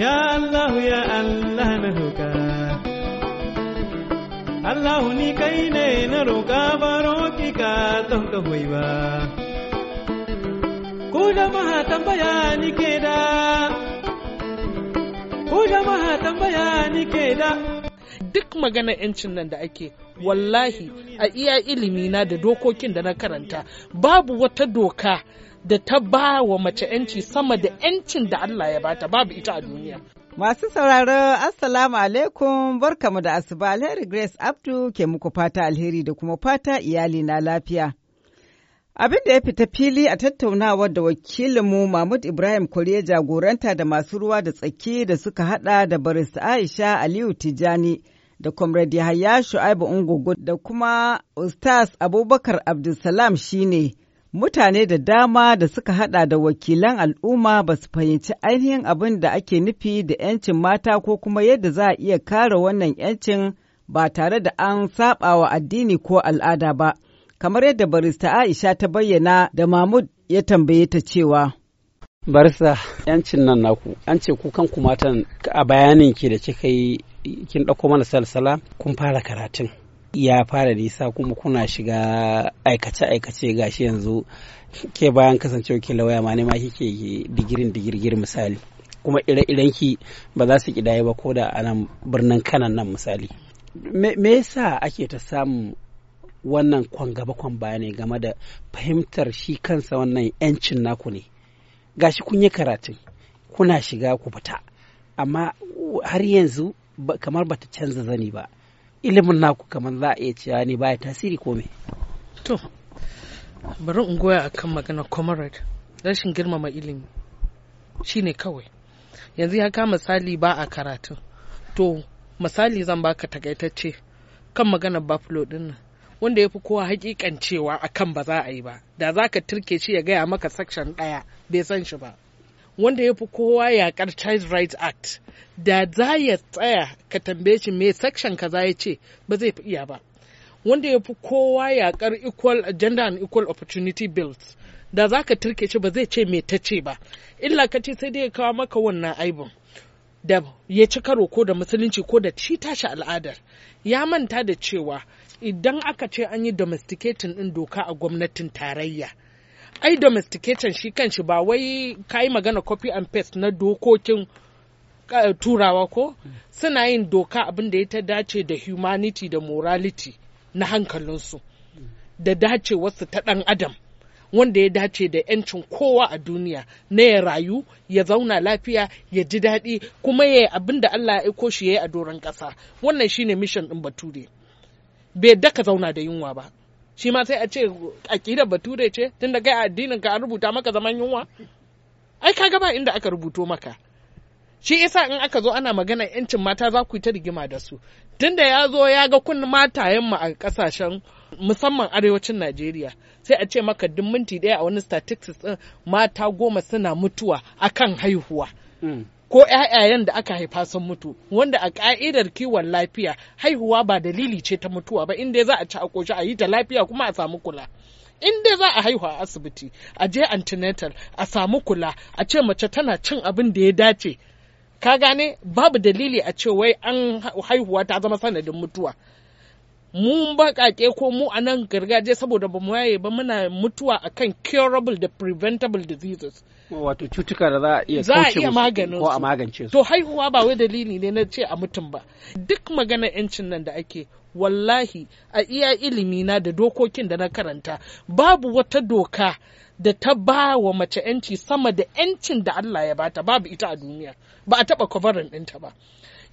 Ya Allah ya Allah na roka Allah ni kai ne na roka baro ki ka don ka hoyi ba Ku maha tambaya ni ke da Ku maha tambaya ni ke da Duk magana 'yancin nan da ake wallahi a iya ilimi na da dokokin da na karanta babu wata doka da ta ba wa mace 'yanci sama da 'yancin da Allah ya bata babu ita a duniya. Masu sauraro, Assalamu alaikum, barkamu da asuba alheri Grace Abdu ke muku fata alheri da kuma fata iyali na lafiya. Abin da ya fita fili a tattaunawar da wakilinmu Mahmud Ibrahim Kore jagoranta da masu ruwa da tsaki da suka hada da barista Aisha Aliyu Tijani da Comrade Yahaya Shu'aibu Ungogo da kuma Ustaz Abubakar Abdulsalam shine mutane da dama da suka hada da wakilan al'umma ba su fahimci ainihin abin da ake nufi da 'yancin mata ko kuma yadda za a iya kare wannan 'yancin ba tare da an saba wa addini ko al'ada ba, kamar yadda barista Aisha ta bayyana da Mahmud ya tambaye ta cewa. Barista, 'yancin nan naku, an ce ku kanku matan a bayanin ki da kika yi kin ɗauko mana salsala kun fara karatun. ya fara nisa kuma kuna shiga aikace-aikace gashi yanzu ke bayan kasancewa ke lauya ma ne ma kike digirin digirgir misali kuma ire-irenki ba za su kidaye ba ko da anan birnin kanan nan misali me yasa ake ta samun wannan kwangaba kwan baya ne game da fahimtar shi kansa wannan yancin naku ne gashi kun yi karatun kuna shiga ku fita amma har yanzu kamar bata canza zani ba ilimin naku kamar za a iya cewa ne baya tasiri ko me to bari in goya a kan magana comrade rashin girmama ilimi shine kawai yanzu ya ka misali ba a karatu to misali zan baka takaitacce kan maganar buffalo din nan wanda ya fi kowa hakikan cewa akan ba za a yi ba da za ka turke shi ya gaya maka section ɗaya bai san shi ba wanda ya fi kowa yakar child rights act da za ya tsaya ka tambaye shi me section kaza ya ce ba zai fi iya ba wanda ya fi kowa yakar equal gender and equal opportunity bills da za ka turke shi ba zai ce mai ta ce ba illa ka ce sai dai ya kawo maka wannan aibin da ya ci karo ko da musulunci ko da shi tashi al'adar ya manta da cewa idan aka ce an yi domesticating din doka a gwamnatin tarayya ai domestication shi kanshi ba wai ka yi magana copy and paste na dokokin eh, turawa ko suna yin doka abin da ya ta dace da humanity da morality na hankalinsu da dace wasu ta ɗan adam wanda ya dace da 'yancin kowa a duniya na ya rayu ya zauna lafiya ya ji daɗi kuma ya yi abin da Allah ya aiko shi ya yi a doron ƙasa wannan shine mission ɗin bature bai daka zauna da yunwa ba shi ma sai a ce aƙidar bature ce tun da kai addinin ka an rubuta maka zaman yunwa ai ka gaba inda aka rubuto maka shi isa in aka zo ana magana yancin mata za ku yi ta rigima da su tun da ya zo ya ga kun matayen mu a kasashen musamman arewacin najeriya sai a ce maka duk minti daya a wani statistics din mata goma suna mutuwa akan haihuwa hmm. ko ya'yayan da aka haifa sun mutu wanda a ƙa'idar kiwon lafiya haihuwa ba dalili ce ta mutuwa ba inda za a ci a koshi a yi ta lafiya kuma a samu kula in dai za a haihu a asibiti a je antenatal a samu kula a ce mace tana cin abin da ya dace ka gane babu dalili a ce wai an haihuwa ta zama sanadin mutuwa mu baƙaƙe ko mu a nan gargajiya saboda ba mu yaye ba muna mutuwa akan curable da preventable diseases wato cutuka da za a iya za a iya maganin ko a magance su to haihuwa ba wai dalili ne na ce a mutum ba duk magana yancin nan da ake wallahi a iya ilimi na da dokokin da na karanta babu wata doka da ta ba wa mace yanci sama da yancin da Allah ya bata babu ita a duniya ba a taba kwabarin ɗinta ba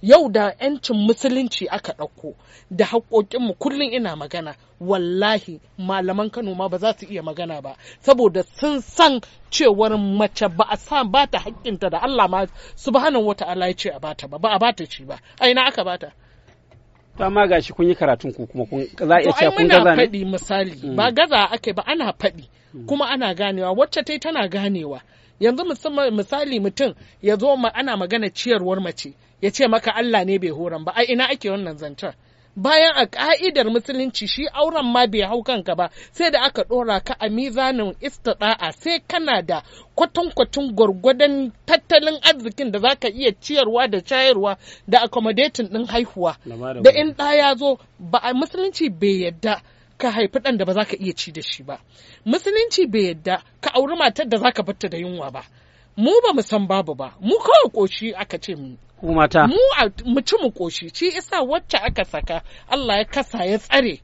yau da 'yancin musulunci aka ɗauko da haƙoƙinmu kullum ina magana wallahi malaman kano ma ba za su iya magana ba saboda sun san cewar mace ba a sa ba ta haƙƙinta da Allah ma subhanahu wa Allah ya ce a bata ba ba a bata ci ba aina aka bata to amma gashi kun yi karatun ku kuma kun za a iya cewa kun gaza ne faɗi misali mm. ba gaza ake ba ana faɗi mm. kuma ana ganewa wacce tai tana ganewa yanzu musamman misali mutum ya zo ana magana ciyarwar mace ya ce maka Allah ne bai horan ba ai ina ake wannan zancen bayan a ka'idar musulunci shi auren ma bai hau kanka ba sai da aka ɗora ka a mizanin istida'a sai kana da kwatankwacin gwargwadon tattalin arzikin da zaka iya ciyarwa da shayarwa da accommodating ɗin haihuwa da in ɗa ya zo ba a musulunci bai yadda ka haifi ɗan da ba za ka iya ci da shi ba musulunci bai yadda ka auri matar da za ka batta da yunwa ba mu ba mu san babu ba mu kawai ƙoshi aka ce mu kumata mu a mutumin ci koshi shi isa wacce aka saka Allah ya kasa ya tsare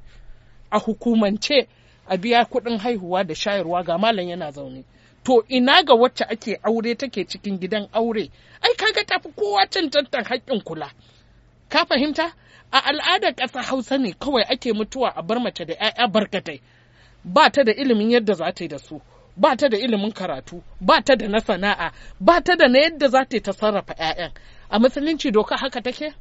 a hukumance a biya kuɗin haihuwa da shayarwa ga malam yana zaune to ina ga wacce ake aure take cikin gidan aure ai kaga tafi kowa tantan haƙƙin kula ka fahimta a al'adar ƙasa hausa ne kawai ake mutuwa a bar mace da 'ya'ya barkatai ba ta da ilimin yadda za ta yi da su ba ta da ilimin karatu ba ta da na sana'a ba ta da na yadda za ta yi ta sarrafa 'ya'yan a musulunci doka haka take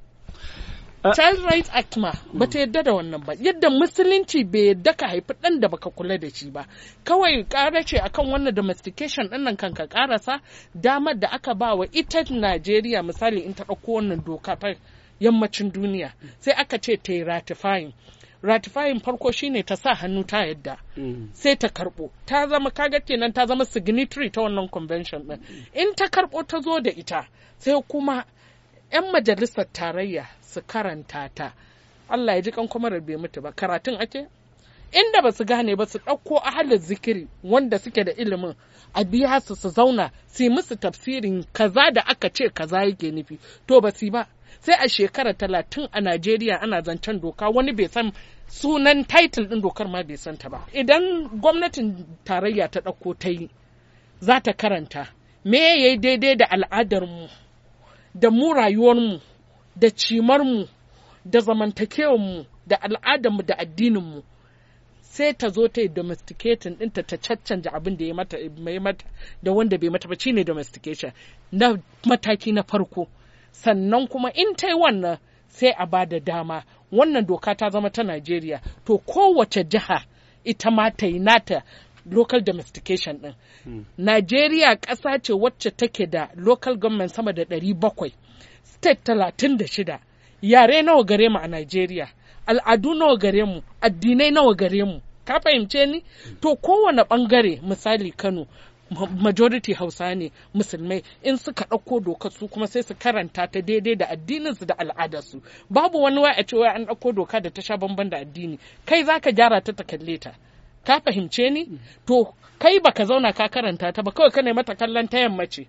Child Rights Act ma ba ta yadda da wannan ba yadda musulunci bai yadda ka haifi ɗan da baka kula da shi ba kawai ƙara ce akan wannan domestication ɗin nan kanka ƙarasa damar da aka ba wa ita Najeriya misali in ta ɗauko wannan doka ta yammacin duniya sai aka ce ta yi ratifying ratifying farko shine ta sa hannu ta yadda mm. sai ta karbo ta zama kaga kenan ta zama signatory ta wannan convention ɗin mm. in ta karbo ta zo da ita sai kuma 'yan majalisar tarayya su karanta ta Allah ya ji kan kuma bai mutu ba karatun ake inda ba su gane ba su ɗauko ahalin zikiri wanda suke da ilimin a biya su su zauna su yi musu tafsirin kaza da aka ce kaza yake nufi to ba su ba sai a shekara talatin a najeriya ana zancen doka wani bai san sunan title ɗin dokar ma bai santa ba idan gwamnatin tarayya ta ɗauko ta yi za ta karanta me ya yi daidai da al'adar mu? da mu rayuwarmu da cimarmu da zamantakewarmu da al'adarmu da addininmu sai ta zo ta yi domesticating ɗinta ta caccanja abin da ya mata da wanda bai mata ba shine domestication na mataki na farko sannan kuma in ta yi wannan sai a ba da dama wannan doka ta zama ta Najeriya to kowace jiha ita ma ta yi nata local domestication din hmm. Najeriya ƙasa ce wacce take da local government sama da 700 state 36 yare nawa gare mu a Najeriya al'adu nawa gare mu addinai nawa gare mu ka fahimce ni to kowane bangare misali Kano majority hausa ne musulmai in suka ɗauko doka su kuma sai su karanta ta daidai da addininsu da al'adarsu babu wani waya a cewa an ɗauko doka da ta sha bamban da addini kai zaka gyara ta ta kalle ta ka fahimce ni to kai baka zauna ka karanta ta ba kawai ka nemi mata kallon ta yammace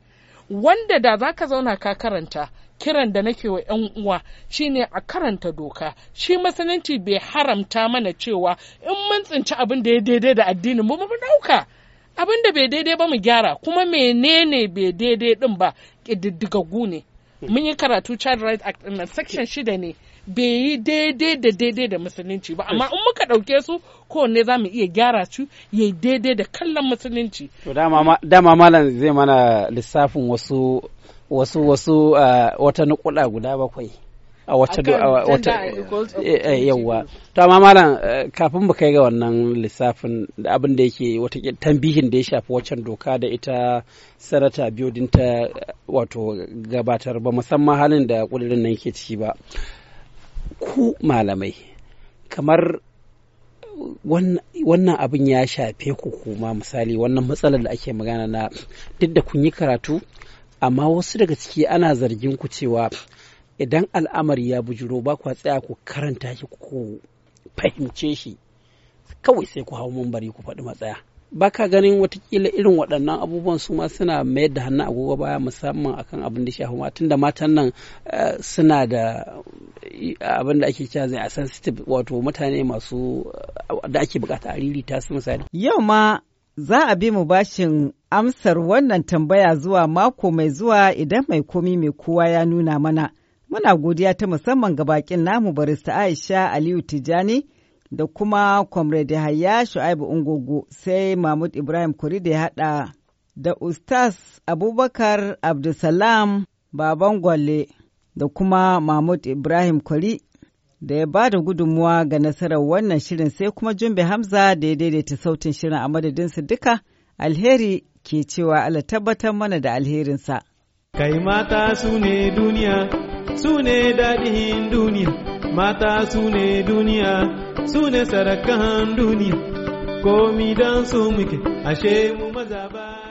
wanda da za ka zauna ka karanta kiran da nake wa 'yan uwa shine a karanta doka shi masananci bai haramta mana cewa in mun tsinci abin da ya daidai da addinin mu mu dauka abin da bai daidai ba mu gyara kuma menene bai daidai din ba ƙididdigaggu ne hmm. mun yi karatu child rights act section shida ne bai yi daidai da daidai da musulunci ba amma in muka ɗauke su ne za mu iya gyara su ya daidai da kallon musulunci. to dama malam zai mana lissafin wasu wasu wasu wata nukula guda bakwai a wata eh, eh, yawwa to amma malam eh, kafin mu kai ga wannan lissafin da abin da yake wata tambihin da ya shafi waccan doka da ita sarata biyu ta wato gabatar ba musamman halin da kudirin nan ke ciki ba ku malamai kamar wannan abin ya shafe ku kuma misali wannan matsalar da ake magana na duk da kun yi karatu amma wasu daga ciki ana zargin ku cewa idan al'amari ya bujuro ba kwa tsaya ku karanta shi ku fahimce shi kawai sai ku hau mambari ku faɗi matsaya ba ka ganin watakila irin waɗannan abubuwan su ma suna mayar da hannun agogo baya musamman akan abin da shafi matan da matan nan eh, suna da abin da ake cewa zai a sensitive wato mutane masu da ake bukata a ririta su misali. Yau ma za a bi mu bashin amsar wannan tambaya zuwa mako mai zuwa idan mai komi mai kowa ya nuna mana. Muna godiya ta musamman ga bakin namu barista Aisha Aliyu Tijani da kuma Comrade Hayya Shu'aibu Ungogo sai Mahmud Ibrahim Kuri da ya haɗa da Ustaz Abubakar Abdulsalam Baban Gwalle. da kuma Mahmud Ibrahim Kwari da ya ba da gudunmuwa ga nasarar wannan shirin sai kuma Jumbe Hamza da ya daidaita sautin shirin a madadinsu duka alheri ke cewa ala tabbatar mana da alherinsa. Kai mata su ne duniya, su ne daɗin duniya, mata su ne duniya, su ne sarakan duniya, komi don su muke, ashe mu maza ba.